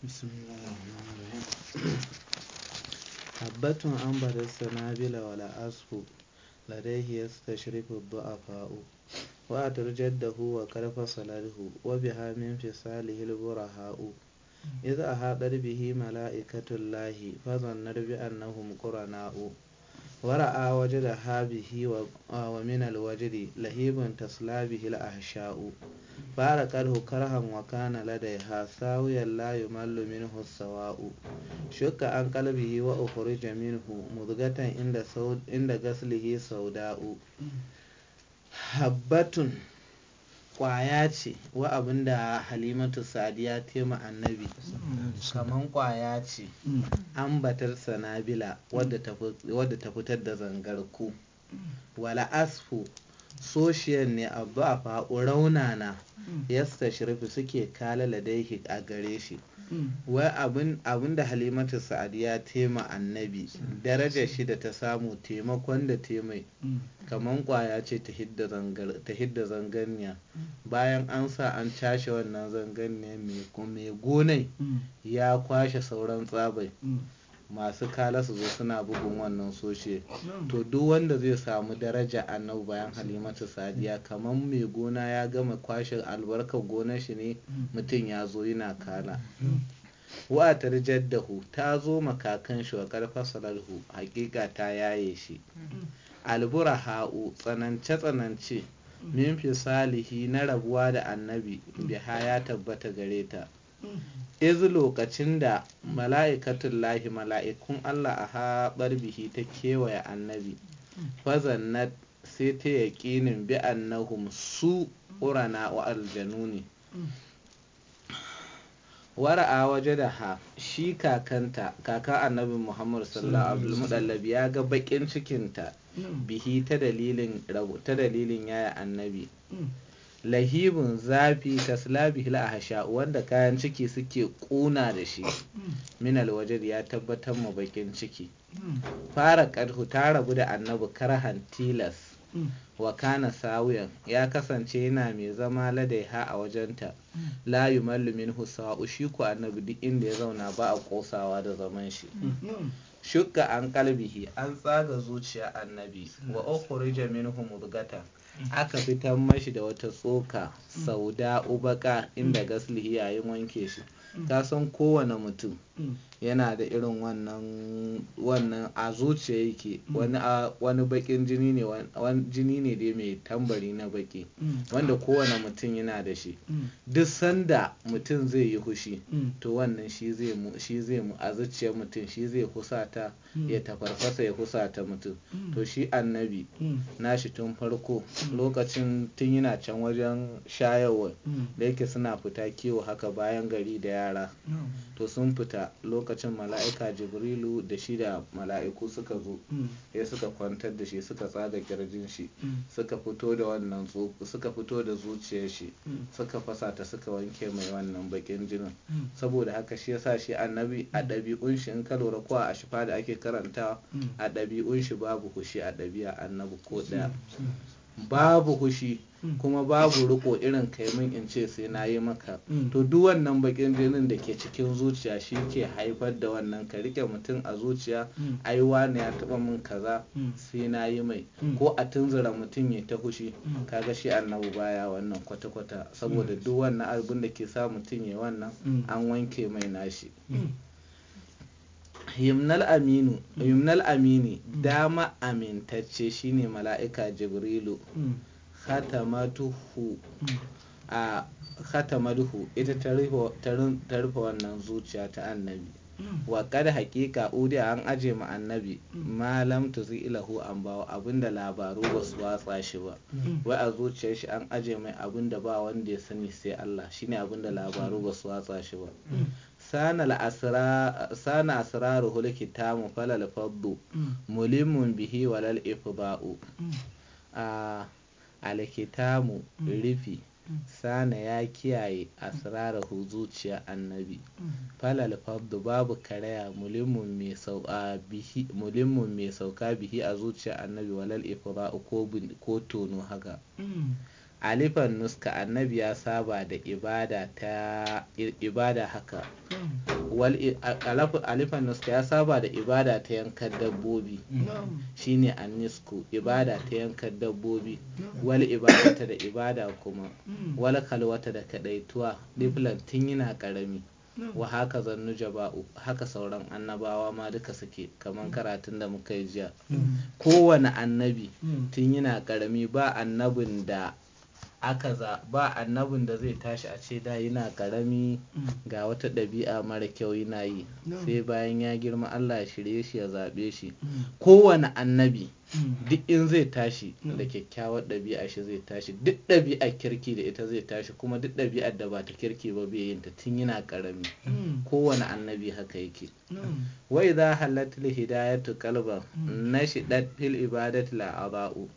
Bismillahirrahmanirrahim. Habbatun an bada sanabila wala asku ladaihi yastashrifu du'afa'u wa atarjaddahu wa karfa salahu wa biha min fisalihi alburaha'u idza ahadar bihi mala'ikatu llahi fa zannar bi annahum qurana'u wara'a waje da habihi wa minal wajiri lahibin taslabihi al'asha'u fara karhu karhan wa kana ha sawiyan layu yumallu minhu sawa'u Shuka an kalbihi wa ukhrija minhu mudghatan inda inda gaslihi sauda'u habbatun kwaya ce wa abin da halimatu sadiya tema annabi kaman kwaya ce ambatar sanabila wadda ta fitar da zangarku wala asfu soshiyan ne abu a fa'o raunana mm. yasta shirfi suke kala ladaihi a gare shi mm. wai abin da halimatu ya tema annabi daraja shi da ta samu taimakon da temai mm. kamar kwaya ce ta hidda zanganiya bayan an sa an cashe wannan zanganiya mai gonai ya kwashe sauran tsabai masu kala su zo suna bugun wannan soshe hmm. to duk wanda zai samu daraja annabu bayan halimatu sadiya kamar mai gona ya gama kwashe albarkar gonar shi ne hmm. mutum ya zo yana kala hmm. wa'atar jaddahu ta zo makakan shi wa karfa salalhu hakika ta yaye shi albura ha'u tsanance tsanance min salihi na rabuwa da annabi biha ya tabbata gare ta iz lokacin da mala'ikatun lahi mala'ikun Allah a haɓar bihi ta kewaye annabi fazannat sai ta yaƙinin bi annahum su ƙurana wa aljanu ne wara'a waje da ha shi kakanta kakan annabi muhammad sallallahu alaihi wasallam ya ga bakin cikinta bihi ta dalilin yaya annabi lahibin zafi ta slabi hila a hasha wanda kayan ciki suke kuna da shi minal wajen ya tabbatar mu bakin ciki fara karhu ta rabu da annabi karhan tilas wa kana sawiyan ya kasance yana mai zama ladaiha a wajenta la yumallu minhu sa'u ushiku annabi duk inda ya zauna ba a kosawa da zaman shi shukka an kalbihi an tsaga zuciya annabi mm. wa ukhrija minhu mudgata mm. aka fitar mashi da wata tsoka mm. sauda ubaka inda gaslihi yayin wanke shi ka san kowane mutum yana da irin wannan a zuciya yake mm. wani wani bakin jini ne wani jini ne dai mai tambari na baki mm. wanda kowane mutum yana da shi mm. duk sanda mutum zai yi hushi to wannan shi zai a zuciyar mutum shi zai husata ya tafarfasa ya husata mutum to shi annabi nashi tun farko lokacin tun yana can wajen shayarwa da yake suna fita kiwo haka bayan gari da yara to sun fita lokacin lokacin mala'ika jibrilu da shi da mala'iku suka zo ya mm. suka kwantar da shi suka tsaga kirjin shi mm. suka fito da wannan suka fito da zuciyar shi mm. suka fasa ta suka wanke mai wannan bakin jinin saboda haka shi yasa shi annabi a ɗabi'un shi in ka lura ko a shifa da ake karanta a ɗabi'un shi babu kushi a ɗabi'a annabi ko ɗaya babu hushi mm. kuma babu riko irin kaimin in ce sai na yi maka mm. to duk wannan bakin jinin da ke cikin zuciya shi ke haifar da wannan ka rike mutum a zuciya mm. ai wani ya taba min kaza sai na yi mai ko a tunzura mutum ya ta hushi ka ga shi annabu baya wannan kwata-kwata saboda duk wannan abin da ke sa mutum ya wannan an wanke mai nashi yumnal aminu mm. amini mm. dama amintacce shine mala'ika jibrilu mm. khatamatuhu a khatamaduhu ita ta rufe wannan zuciya ta annabi wa da haƙiƙa udiya an aje ma annabi malam zai ilahu an bawa abinda labaru ba su watsa shi ba wai a zuciyar shi an aje mai abinda ba wanda ya sani sai Allah shine abinda labaru ba su watsa shi ba sana asraru hulki kitamu falal faddu mulimun bihi walal ifba'u mm. a ah, alkitamu mm. rufi sane ya kiyaye asrarahu zuciya annabi falal fabdu babu karaya mulimin mai sauka bihi a zuciya annabi walal ifra ko tono haka alifan nuska annabi ya saba da ibada haka hmm. wal alifan nuska ya saba da ibada ta yankan dabbobi shine annisku ibada ta yankan dabbobi wal ibadata da ibada kuma wal kalwata da kadaituwa diflan tun yana karami wa haka zannu jaba'u haka sauran annabawa ma duka suke kamar karatun da muka yi jiya kowane annabi tun yana karami ba annabin da aka zaba annabin da zai tashi a ce da yana karami ga wata ɗabi'a mara kyau yana yi sai bayan ya girma Allah ya shirye shi ya zaɓe shi mm. kowane annabi Mm-hmm. duk in zai tashi mm-hmm. da kyakkyawar ɗabi'a shi zai tashi duk ɗabi'a kirki da ita zai tashi kuma duk ɗabi'ar da ba ta kirki ba bai yin ta tun yana ƙarami mm-hmm. kowane annabi haka yake Waiza idza halat lil hidayatu qalban nashidat fil ibadat la aba'u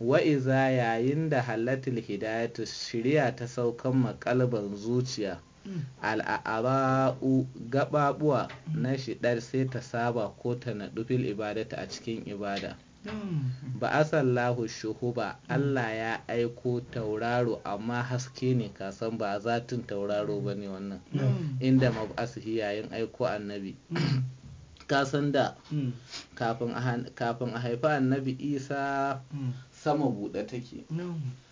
wa yayin da halat hidayatu shirya ta saukan ma kalban zuciya al'aba'u gaɓaɓuwa na shidar sai ta saba ko ta naɗu fil ibadat a cikin ibada ba a shuhu ba Allah ya aiko tauraro amma haske ne kasan ba zatin tauraro ba ne wannan inda mab'asihi yayin aiko annabi kasan da kafin a haifa annabi isa sama buɗe take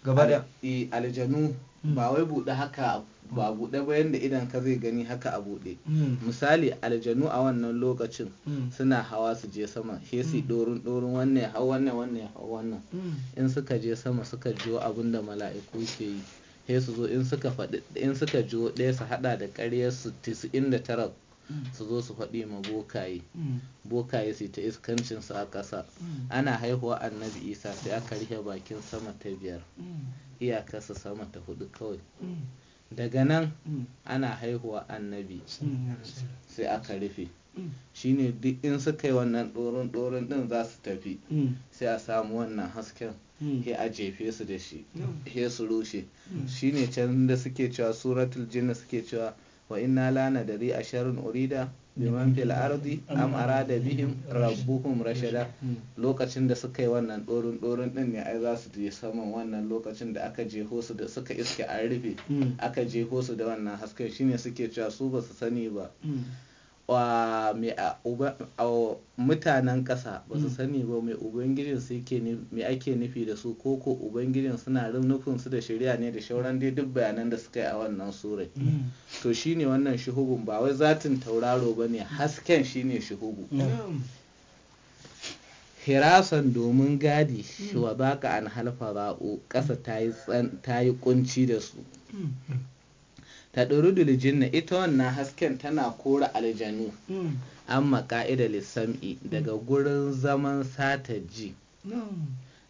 gaba da eh, aljanu ba wai buɗe haka ba a buɗe ba yadda idan ka zai gani haka a buɗe hmm. misali aljanu a wannan lokacin hmm. suna hawa su je sama he su hmm. ɗorin ɗorin wannan hau wannan wannan hau wannan in suka je sama suka jiwo abin da mala'iku ke yi Hesu, zo in suka faɗi jiwo ɗaya su haɗa da ƙaryar su tisa'in da tara su zo su faɗi ma bokaye bokaye su ta iskancin su a ƙasa ana haihuwa annabi isa sai aka rufe bakin sama ta biyar iyakarsa sama ta hudu kawai daga nan mm. ana haihuwa annabi mm. sai aka rufe mm. shine duk in suka yi wannan doron ɗorin ɗin za su tafi sai a samu wannan hasken ke a jefe su da shi ke su rushe shine can da suke cewa suratul jinna suke cewa wa inna lana dari a sharin urida liman fil ardi am arada bihim rabbuhum rashada hmm. lokacin da suka yi wannan dorin dorin din ne ai za su je saman wannan lokacin da aka je su da suka iske an rufe hmm. aka je hosu da wannan hasken shine suke cewa su ba su sani ba hmm. mutanen ƙasa ba su mm. sani ba mai ubangijin su mai ake nufi da su ko ko ubangijin suna nufin su da shari'a ne da shauran dai duk bayanan da suka yi a wannan sura mm. to shine wannan shuhubun ba wai zatin tauraro ba ne hasken shine shuhubu mm. hirasan domin gadi wa baka an halfa ra'u ƙasa ta yi kunci da su ta ɗorudul jinna ita wannan hasken tana kora aljanu mm. amma ka'ida lissam'i daga gurin zaman sata ji mm.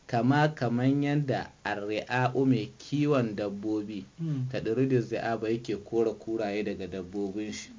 kama kaman yadda arri'a'u mai kiwon dabbobi mm. ta ɗorudul ba yake kora kuraye daga dabbobin shi